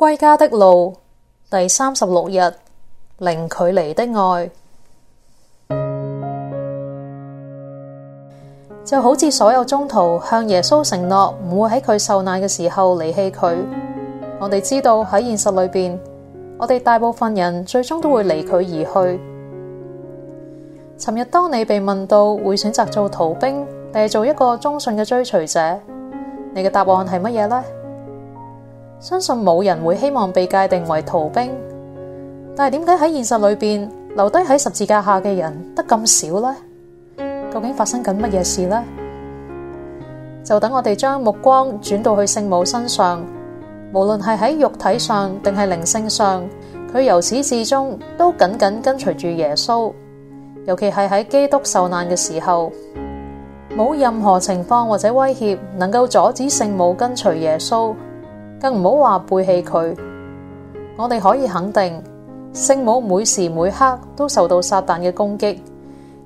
歸家的路第三十六日，零距離的愛，就好似所有宗徒向耶穌承諾唔會喺佢受難嘅時候離棄佢。我哋知道喺現實裏邊，我哋大部分人最終都會離佢而去。尋日當你被問到會選擇做逃兵定係做一個忠信嘅追隨者，你嘅答案係乜嘢呢？相信冇人會希望被界定為逃兵，但係點解喺現實裏邊留低喺十字架下嘅人得咁少呢？究竟發生緊乜嘢事呢？就等我哋將目光轉到去聖母身上，無論係喺肉體上定係靈性上，佢由始至終都緊緊跟隨住耶穌，尤其係喺基督受難嘅時候，冇任何情況或者威脅能夠阻止聖母跟隨耶穌。更唔好話背棄佢。我哋可以肯定，聖母每時每刻都受到撒旦嘅攻擊，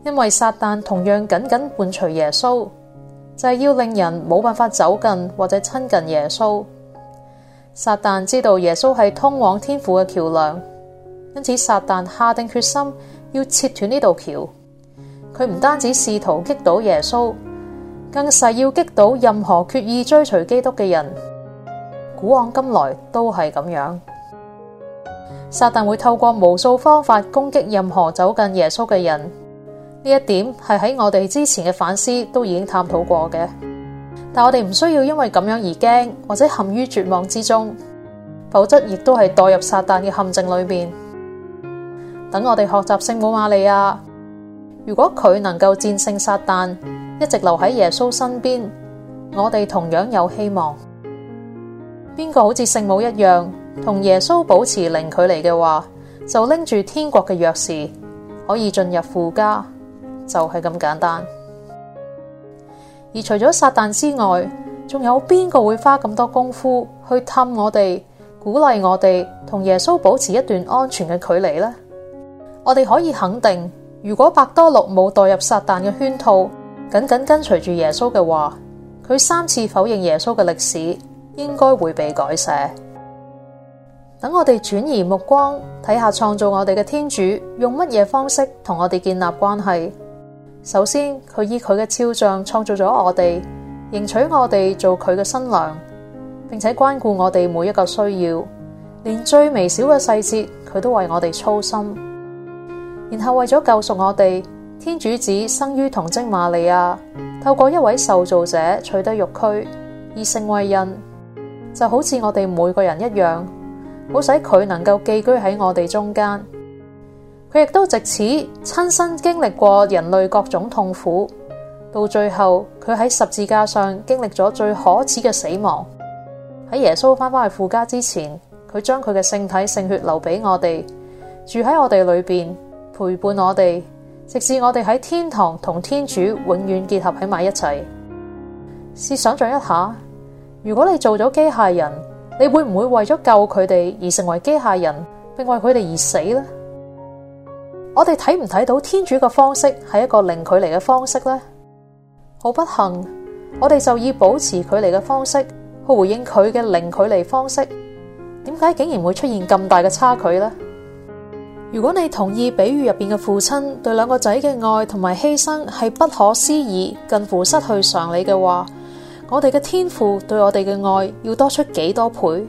因為撒旦同樣緊緊伴隨耶穌，就係是要令人冇辦法走近或者親近耶穌。撒旦知道耶穌係通往天父嘅橋樑，因此撒旦下定決心要切斷呢道橋。佢唔單止試圖擊倒耶穌，更誓要擊倒任何決意追隨基督嘅人。古往今來都係咁樣，撒旦會透過無數方法攻擊任何走近耶穌嘅人。呢一點係喺我哋之前嘅反思都已經探討過嘅，但我哋唔需要因為咁樣而驚或者陷於絕望之中，否則亦都係墮入撒旦嘅陷阱裏面。等我哋學習聖母瑪利亞，如果佢能夠戰勝撒旦，一直留喺耶穌身邊，我哋同樣有希望。邊個好似聖母一樣，同耶穌保持零距離嘅話，就拎住天國嘅鑰匙，可以進入父家，就係、是、咁簡單。而除咗撒旦之外，仲有邊個會花咁多功夫去氹我哋，鼓勵我哋同耶穌保持一段安全嘅距離呢？我哋可以肯定，如果伯多祿冇墮入撒旦嘅圈套，緊緊跟隨住耶穌嘅話，佢三次否認耶穌嘅歷史。應該會被改寫。等我哋轉移目光，睇下創造我哋嘅天主用乜嘢方式同我哋建立關係。首先，佢以佢嘅肖像創造咗我哋，迎娶我哋做佢嘅新娘，並且關顧我哋每一個需要，連最微小嘅細節佢都為我哋操心。然後為咗救贖我哋，天主子生於童貞瑪利亞，透過一位受造者取得肉軀，而成為人就好似我哋每個人一樣，好使佢能夠寄居喺我哋中間。佢亦都藉此親身經歷過人類各種痛苦，到最後佢喺十字架上經歷咗最可恥嘅死亡。喺耶穌翻返去父家之前，佢將佢嘅聖體聖血留俾我哋，住喺我哋裏邊陪伴我哋，直至我哋喺天堂同天主永遠結合喺埋一齊。試想象一下。如果你做咗機械人，你會唔會為咗救佢哋而成為機械人，並為佢哋而死呢？我哋睇唔睇到天主嘅方式係一個零距離嘅方式呢？好不幸，我哋就以保持距離嘅方式去回應佢嘅零距離方式。點解竟然會出現咁大嘅差距呢？如果你同意比喻入邊嘅父親對兩個仔嘅愛同埋犧牲係不可思議、近乎失去常理嘅話，我哋嘅天父對我哋嘅愛要多出幾多倍？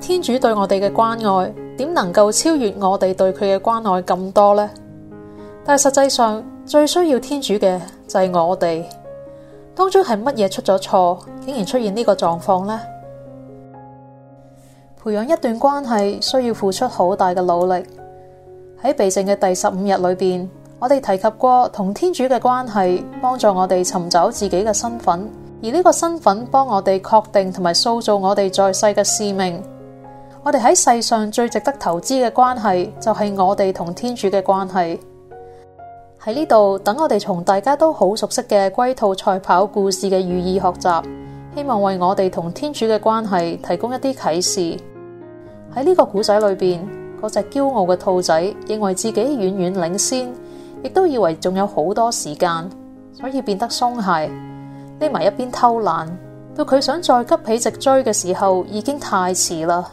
天主對我哋嘅關愛點能夠超越我哋對佢嘅關愛咁多呢？但係實際上最需要天主嘅就係、是、我哋。當中係乜嘢出咗錯，竟然出現呢個狀況呢？培養一段關係需要付出好大嘅努力。喺避靜嘅第十五日裏邊，我哋提及過同天主嘅關係，幫助我哋尋找自己嘅身份。而呢個身份幫我哋確定同埋塑造我哋在世嘅使命。我哋喺世上最值得投資嘅關係，就係我哋同天主嘅關係。喺呢度等我哋從大家都好熟悉嘅龜兔賽跑故事嘅寓意學習，希望為我哋同天主嘅關係提供一啲啟示。喺呢個故仔裏邊，嗰隻驕傲嘅兔仔認為自己遠遠領先，亦都以為仲有好多時間，所以變得鬆懈。匿埋一邊偷懶，到佢想再急起直追嘅時候，已經太遲啦。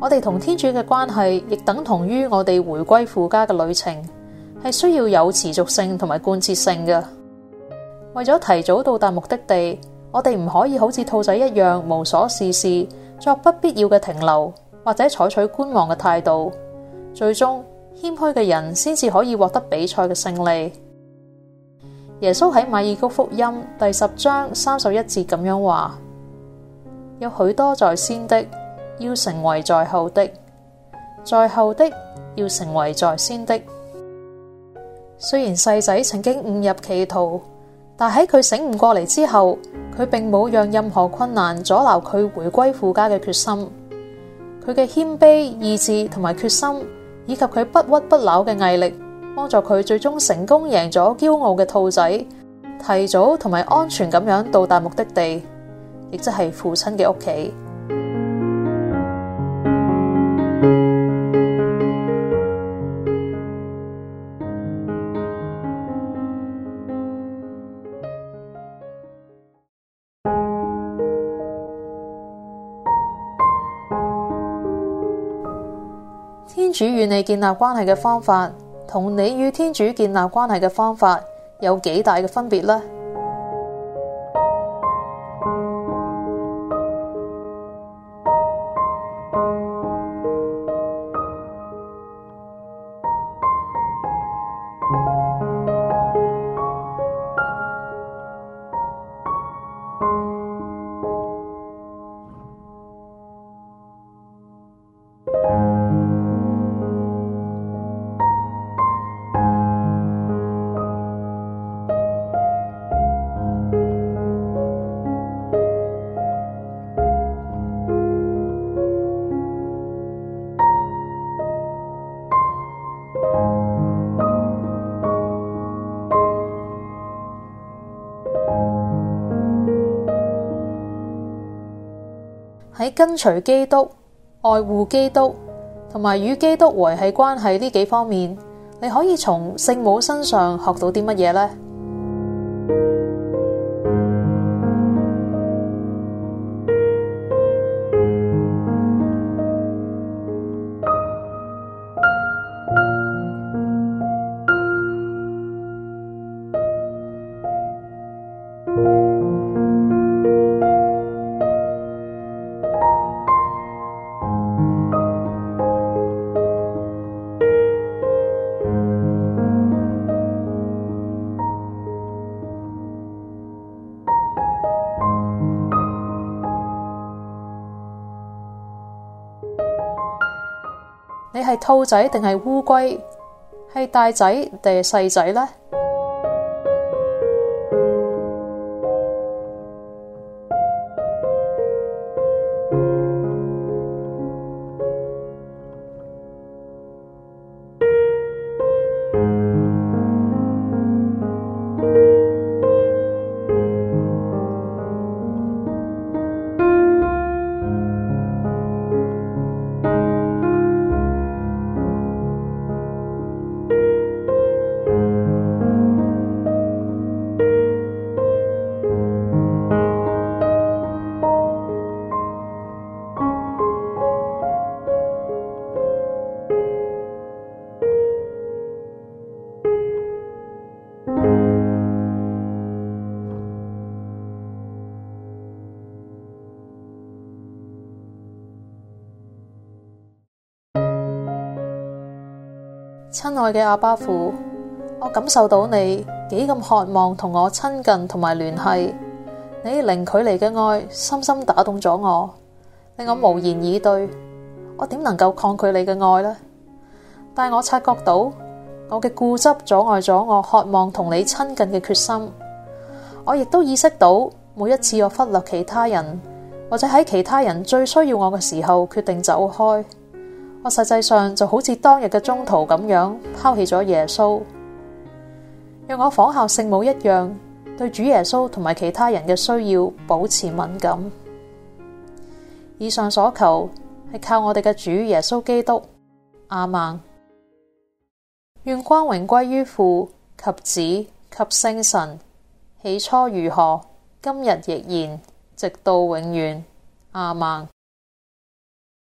我哋同天主嘅關係，亦等同於我哋回歸父家嘅旅程，係需要有持續性同埋貫徹性嘅。為咗提早到達目的地，我哋唔可以好似兔仔一樣無所事事，作不必要嘅停留，或者採取觀望嘅態度。最終謙虛嘅人，先至可以獲得比賽嘅勝利。耶穌喺馬爾谷福音第十章三十一節咁樣話：「有許多在先的，要成為在後的，在後的，要成為在先的。雖然細仔曾經誤入歧途，但喺佢醒悟過嚟之後，佢並冇讓任何困難阻撓佢回歸父家嘅決心。佢嘅謙卑、意志同埋決心，以及佢不屈不撓嘅毅力，幫助佢最終成功贏咗驕傲嘅兔仔，提早同埋安全咁樣到達目的地，亦即係父親嘅屋企。天主與你建立關係嘅方法。同你與天主建立關係嘅方法有幾大嘅分別呢？喺跟隨基督、愛護基督，同埋與基督維繫關係呢幾方面，你可以從聖母身上學到啲乜嘢呢？係兔仔定係烏龜？係大仔定係細仔咧？親愛嘅阿爸父，我感受到你幾咁渴望同我親近同埋聯繫，你零距離嘅愛深深打動咗我，令我無言以對。我點能夠抗拒你嘅愛呢？但我察覺到，我嘅固執阻礙咗我渴望同你親近嘅決心。我亦都意識到，每一次我忽略其他人，或者喺其他人最需要我嘅時候，決定走開。我實際上就好似當日嘅宗徒咁樣拋棄咗耶穌。讓我仿效聖母一樣，對主耶穌同埋其他人嘅需要保持敏感。以上所求係靠我哋嘅主耶穌基督。亞孟！願光榮歸於父及子及聖神。起初如何，今日亦然，直到永遠。亞孟。